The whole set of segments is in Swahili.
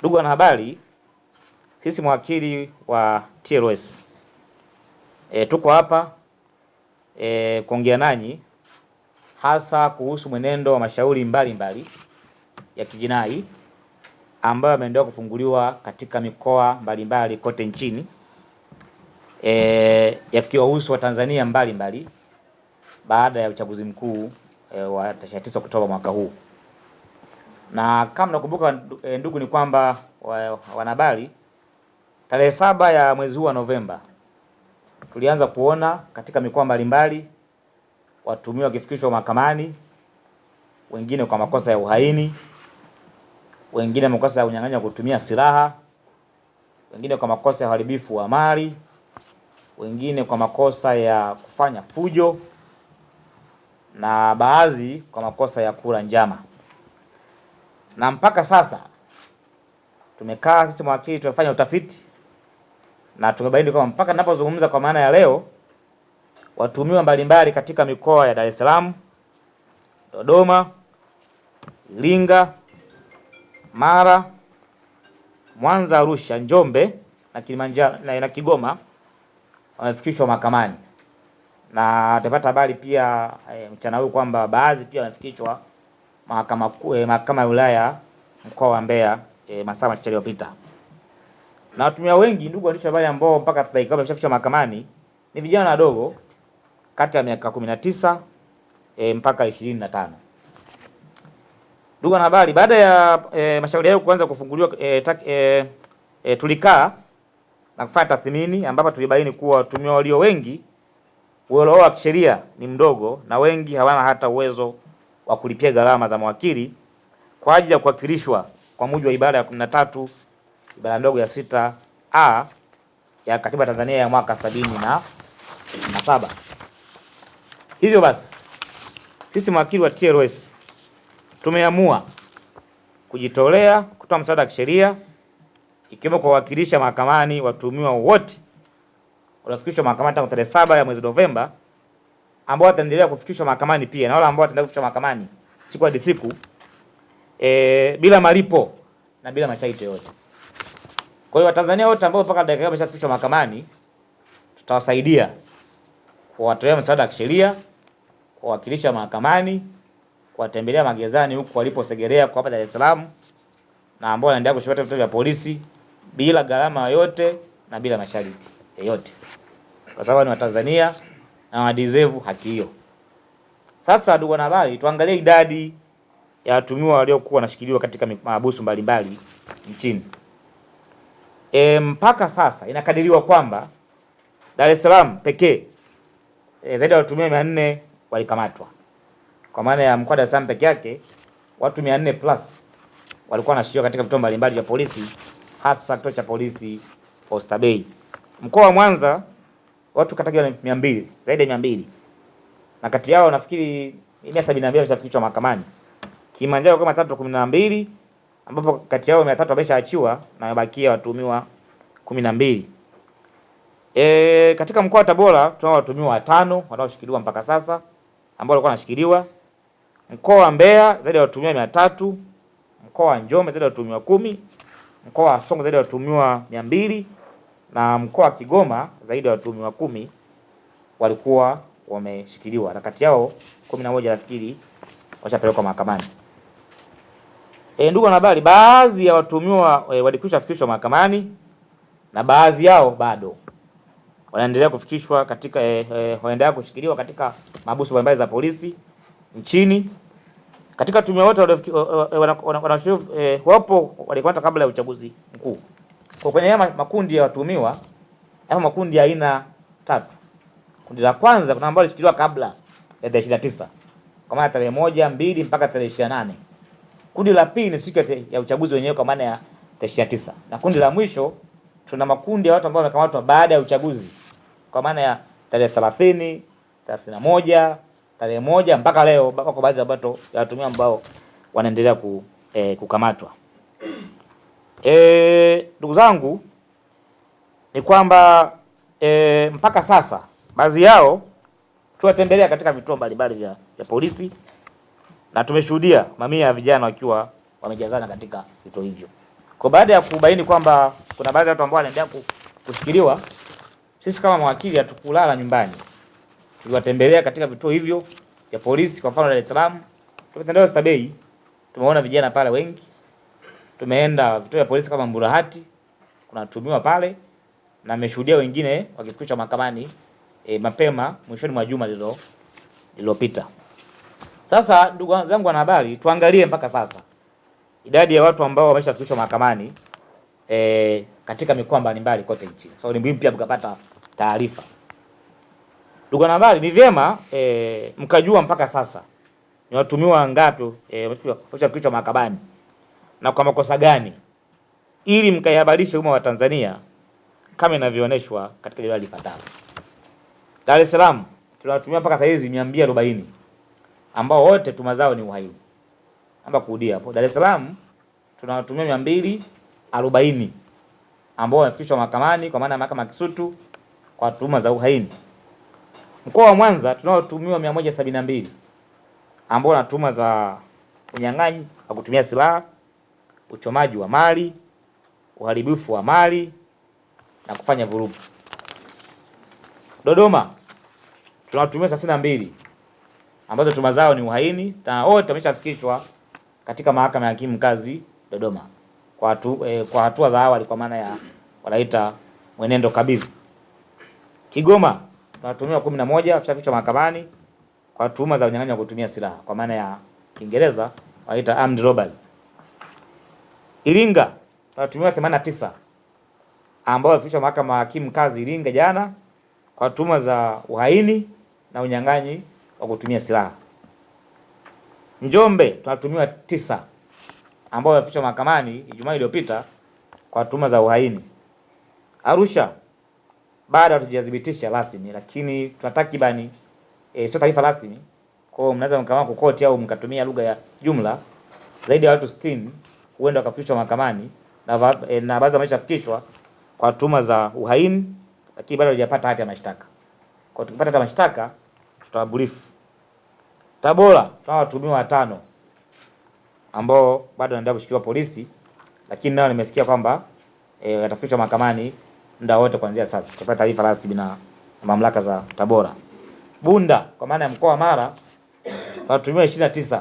Ndugu wanahabari, sisi mawakili wa TLS e, tuko hapa e, kuongea nanyi hasa kuhusu mwenendo wa mashauri mbalimbali mbali ya kijinai ambayo yameendelea kufunguliwa katika mikoa mbalimbali mbali kote nchini e, yakiwahusu Watanzania mbalimbali baada ya uchaguzi mkuu e, wa tarehe 9 Oktoba mwaka huu na kama nakumbuka eh, ndugu, ni kwamba wanahabari, tarehe saba ya mwezi huu wa Novemba tulianza kuona katika mikoa mbalimbali watuhumiwa wakifikishwa mahakamani, wengine kwa makosa ya uhaini, wengine makosa ya unyang'anyi wa kutumia silaha, wengine kwa makosa ya uharibifu wa mali, wengine kwa makosa ya kufanya fujo na baadhi kwa makosa ya kula njama na mpaka sasa tumekaa sisi mawakili tumefanya utafiti na tumebaini kwamba mpaka ninapozungumza kwa maana ya leo, watuhumiwa mbalimbali katika mikoa ya Dar es Salaam, Dodoma, Iringa, Mara, Mwanza, Arusha, Njombe na Kilimanjaro na, Kigoma wamefikishwa mahakamani na tutapata habari pia e, mchana huu kwamba baadhi pia wamefikishwa mahakama kuu eh, mahakama ya wilaya mkoa wa Mbeya eh, masaa machache yaliyopita. Na watumia wengi, ndugu waandishi habari, ambao mpaka sasa hivi wameshafikishwa mahakamani ni vijana wadogo kati ya miaka 19 eh, mpaka 25. Ndugu wanahabari, baada ya eh, mashauri hayo kuanza kufunguliwa eh, eh, eh, tulikaa na kufanya tathmini ambapo tulibaini kuwa watumia walio wengi uelewa wao wa kisheria ni mdogo na wengi hawana hata uwezo wa kulipia gharama za mawakili kwa ajili ya kuwakilishwa kwa mujibu wa ibara ya 13 ibara ndogo ya sita a ya katiba Tanzania ya mwaka sabini na, na saba. Hivyo basi sisi mawakili wa TLS tumeamua kujitolea kutoa msaada wa kisheria ikiwemo kuwawakilisha mahakamani watuhumiwa wote waliofikishwa mahakamani tangu tarehe saba ya mwezi Novemba ambao wataendelea kufikishwa mahakamani pia na wale ambao wataendelea kufikishwa mahakamani siku hadi siku e, bila malipo na bila masharti yote. Kwa hiyo Watanzania wote ambao mpaka dakika wameshafikishwa mahakamani tutawasaidia kuwatolea msaada wa kisheria, kuwawakilisha mahakamani, kuwatembelea magerezani huku waliposegerea kwa hapa Dar es Salaam na ambao wanaendelea kushikwa vitu vya polisi bila gharama yoyote na bila masharti yoyote, kwa sababu ni Watanzania na wadeserve haki hiyo. Sasa ndugu wanahabari, tuangalie idadi ya watumiwa waliokuwa wanashikiliwa katika mahabusu mbalimbali nchini. E, mpaka sasa inakadiriwa kwamba Dar es Salaam pekee e, zaidi ya watumiwa mia nne walikamatwa. Kwa maana ya mkoa Dar es Salaam peke yake watu mia nne plus walikuwa wanashikiliwa katika vituo mbalimbali vya polisi hasa kituo cha polisi Oysterbay. Mkoa wa Mwanza watu katakiwa mia mbili zaidi ya mia mbili na kati yao nafikiri mia sabini na mbili wameshafikishwa mahakamani. Kilimanjaro kama tatu kumi na mbili ambapo kati yao mia tatu wameshaachiwa na wamebakia watuhumiwa kumi na mbili. E, katika mkoa wa Tabora tunao watuhumiwa watano wanaoshikiliwa mpaka sasa ambao walikuwa wanashikiliwa. Mkoa wa Mbeya zaidi ya watuhumiwa mia tatu mkoa wa Njombe zaidi ya watuhumiwa kumi mkoa wa Songwe zaidi ya watuhumiwa mia mbili na mkoa wa Kigoma zaidi ya watuhumiwa kumi walikuwa wameshikiliwa na kati yao kumi na moja nafikiri washapelekwa mahakamani. E, ndugu wanahabari, baadhi ya watuhumiwa e, walikwisha fikishwa mahakamani na baadhi yao bado wanaendelea kufikishwa katika e, e, waendelea kushikiliwa katika mahabusu mbalimbali za polisi nchini. Katika watuhumiwa wote e, e, e, wapo walikamata kabla ya uchaguzi mkuu. Kwa kwenye haya makundi ya watuhumiwa hapo makundi ya aina tatu. Kundi la kwanza kuna ambao walishikiliwa kabla ya tarehe 29 kwa maana tarehe moja, mbili mpaka tarehe nane Kundi la pili ni siku ya uchaguzi wenyewe kwa maana ya tarehe 29. Na kundi la mwisho tuna makundi ya watu ambao wamekamatwa baada ya uchaguzi kwa maana ya tarehe 30, moja tarehe moja mpaka leo, mpaka kwa baadhi ya watu watuhumiwa ambao wanaendelea ku, eh, kukamatwa. E, ndugu zangu ni kwamba e, mpaka sasa baadhi yao tuwatembelea katika vituo mbalimbali vya, vya polisi na tumeshuhudia mamia ya vijana wakiwa wamejazana katika vituo hivyo. Kwa baada ya kubaini kwamba kuna baadhi ya watu ambao wanaendelea kushikiliwa, sisi kama mawakili hatukulala nyumbani, tuliwatembelea katika vituo hivyo vya polisi. Kwa mfano Dar es Salaam tumetembelea Oysterbay, tumeona vijana pale wengi tumeenda vituo vya polisi kama Mburahati, kuna pale na meshuhudia wengine wakifikishwa mahakamani e, mapema mwishoni mwa juma lilo lililopita. Sasa ndugu zangu wanahabari, tuangalie mpaka sasa idadi ya watu ambao wameshafikishwa mahakamani e, katika mikoa mbalimbali kote nchini. So ni muhimu pia mkapata taarifa. Ndugu wanahabari, ni vyema e, mkajua mpaka sasa ni watumiwa wangapi e, wameshafikishwa mahakamani na kwa makosa gani, ili mkaihabarishe umma wa Tanzania kama inavyoonyeshwa katika jalada lifuatalo. Dar es Salaam tunatumia mpaka saizi mia mbili arobaini ambao wote tuma zao ni uhaini. Amba kurudia hapo, Dar es Salaam tunawatumia mia mbili arobaini ambao wamefikishwa mahakamani kwa maana ya mahakama ya Kisutu kwa tuhuma za uhaini. Mkoa wa Mwanza tunaotumiwa mia moja sabini na mbili ambao na tuhuma za unyang'anyi wa kutumia silaha uchomaji wa mali, uharibifu wa mali na kufanya vurugu. Dodoma tuna watuhumiwa thelathini na mbili ambazo tuhuma zao ni uhaini na wote wameshafikishwa katika mahakama ya hakimu mkazi Dodoma kwa hatua eh, kwa hatua za awali kwa maana ya wanaita mwenendo kabidhi. Kigoma tunatuhumiwa kumi na moja mahakamani kwa tuhuma za unyang'anyi wa kutumia silaha kwa maana ya Kiingereza wanaita armed robbery. Iringa watuhumiwa 89 ambao walifikishwa mahakama ya hakimu mkazi Iringa jana kwa tuhuma za uhaini na unyang'anyi wa kutumia silaha. Njombe tunatumiwa tisa ambao wamefikishwa mahakamani Ijumaa iliyopita kwa tuhuma za uhaini. Arusha bado hatujathibitisha rasmi, lakini tuna takribani e, sio taarifa rasmi. Kwa hiyo mnaweza mkamaa kokoti au mkatumia lugha ya jumla zaidi ya watu sitini huenda wakafikishwa mahakamani na, e, na baadhi wameshafikishwa kwa tuma za uhaini, lakini bado hajapata hati ya mashtaka. Kwa tukipata hati ya mashtaka tutawabrief. Tabora tuna watuhumiwa watano ambao bado wanaendelea kushikiliwa polisi, lakini nao nimesikia kwamba e, watafikishwa mahakamani muda wote kuanzia sasa. Tutapata taarifa rasmi na mamlaka za Tabora. Bunda kwa maana ya mkoa wa Mara watuhumiwa 29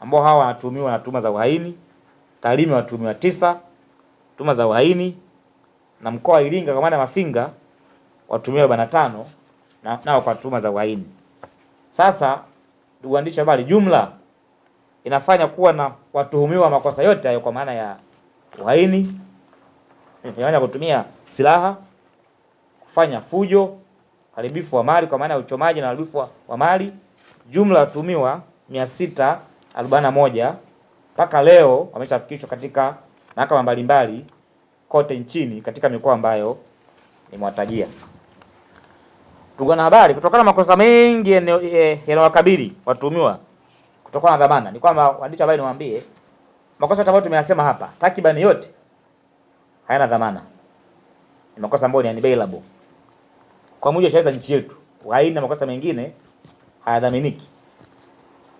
ambao hawa wanatuhumiwa na tuhuma za uhaini taarima watuhumiwa tisa, tuma za uhaini na mkoa wa Iringa kwa maana Mafinga watuhumiwa arobaini na tano na nao kwa tuma za uhaini. Sasa ndugu waandishi wa habari, jumla inafanya kuwa na watuhumiwa makosa yote hayo kwa maana ya uhaini, ya kutumia silaha, kufanya fujo, haribifu wa mali kwa maana ya uchomaji na haribifu wa mali, jumla watuhumiwa mia sita arobaini na moja mpaka leo wameshafikishwa katika mahakama mbalimbali kote nchini katika mikoa ambayo nimewatajia. Ndugu wanahabari, kutokana na makosa mengi yanayowakabili watuhumiwa kutokana na dhamana, ni kwamba waandishi habari, niwaambie makosa yote ambayo tumeyasema hapa takribani yote hayana dhamana, ni makosa ambayo ni unbailable kwa mujibu wa sheria za nchi yetu. Haina makosa mengine hayadhaminiki.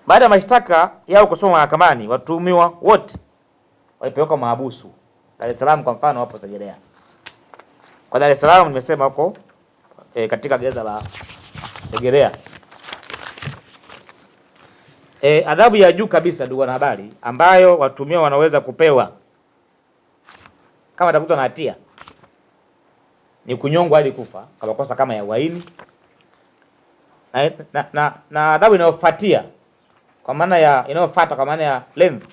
Baada ya mashtaka yao kusoma mahakamani, watuhumiwa wote walipelekwa mahabusu Dar es Salaam. Kwa mfano wapo Segerea, kwa Dar es Salaam nimesema huko e, katika gereza la Segerea e, adhabu ya juu kabisa, ndugu wanahabari, ambayo watuhumiwa wanaweza kupewa kama atakutwa na hatia ni kunyongwa hadi kufa kwa makosa kama ya uhaini na, na, na, na adhabu inayofuatia kwa maana ya inayofuata, kwa maana ya length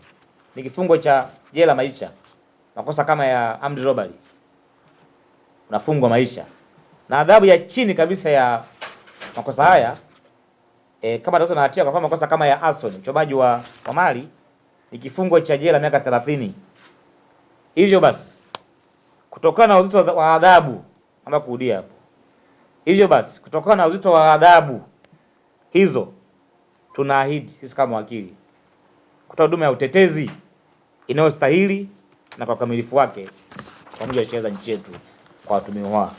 ni kifungo cha jela maisha. Makosa kama ya armed robbery unafungwa maisha, na adhabu ya chini kabisa ya makosa haya e, kama mtoto na hatia, kwa mfano makosa kama ya arson, uchomaji wa, wa mali ni kifungo cha jela miaka 30. Hivyo basi kutokana na uzito wa adhabu, ama kurudia hapo, hivyo basi kutokana na uzito wa adhabu hizo tunaahidi sisi kama wakili kutoa huduma ya utetezi inayostahili na kwa ukamilifu wake kwa mujibu wa sheria za nchi yetu kwa watumiwa.